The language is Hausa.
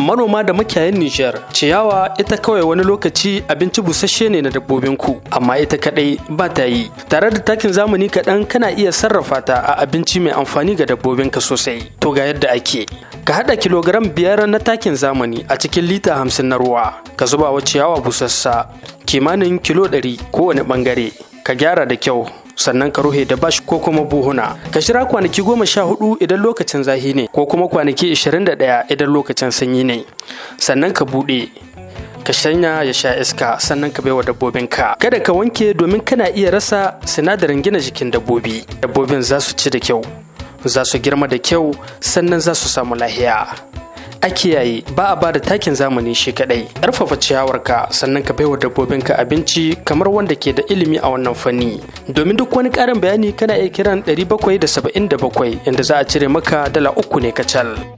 manoma da makiyayan Nijar ciyawa ita kawai wani lokaci abinci busasshe ne na dabbobin ku amma ita kadai ba ta yi tare da takin zamani kaɗan kana iya sarrafa ta a abinci mai amfani ga dabbobin ka sosai to ga yadda ake ka haɗa kilogram biyar na takin zamani a cikin lita hamsin na ruwa ka zuba wa ciyawa busassa kimanin kilo ɗari kowane ɓangare ka gyara da kyau sannan ka ruhe da bash ko kuma buhuna ka shira kwanaki goma sha hudu idan lokacin zahi ne ko kuma kwanaki ishirin da ɗaya idan lokacin sanyi ne sannan ka buɗe ka shanya ya sha iska sannan ka baiwa dabbobinka kada ka wanke domin kana iya rasa sinadarin gina jikin dabbobi dabbobin za su ci da kyau za su girma da kyau sannan za su samu lahiya a kiyaye ba a bada takin zamani shi kadai karfafa ciyawarka sannan ka baiwa dabbobin ka abinci kamar wanda ke da ilimi a wannan fanni domin duk wani karin bayani kana iya kiran 777 inda za a cire maka dala uku ne kacal